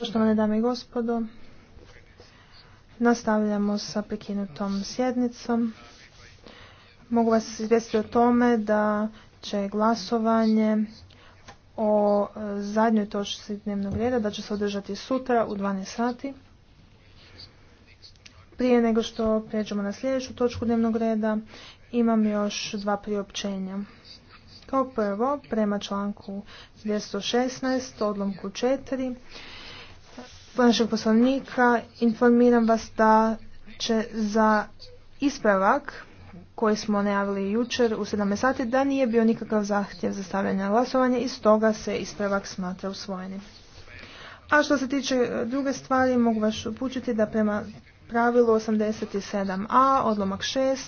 Poštovane dame i gospodo, nastavljamo sa prekinutom sjednicom. Mogu vas izvijestiti o tome da će glasovanje o e, zadnjoj točci dnevnog reda da će se održati sutra u 12 sati. Prije nego što pređemo na sljedeću točku dnevnog reda, imam još dva priopćenja. Kao prvo, prema članku 216, odlomku 4, našeg poslovnika informiram vas da će za ispravak koji smo najavili jučer u 7. sati da nije bio nikakav zahtjev za stavljanje na glasovanje i stoga se ispravak smatra usvojenim. A što se tiče e, druge stvari, mogu vas upućiti da prema pravilu 87a, odlomak 6,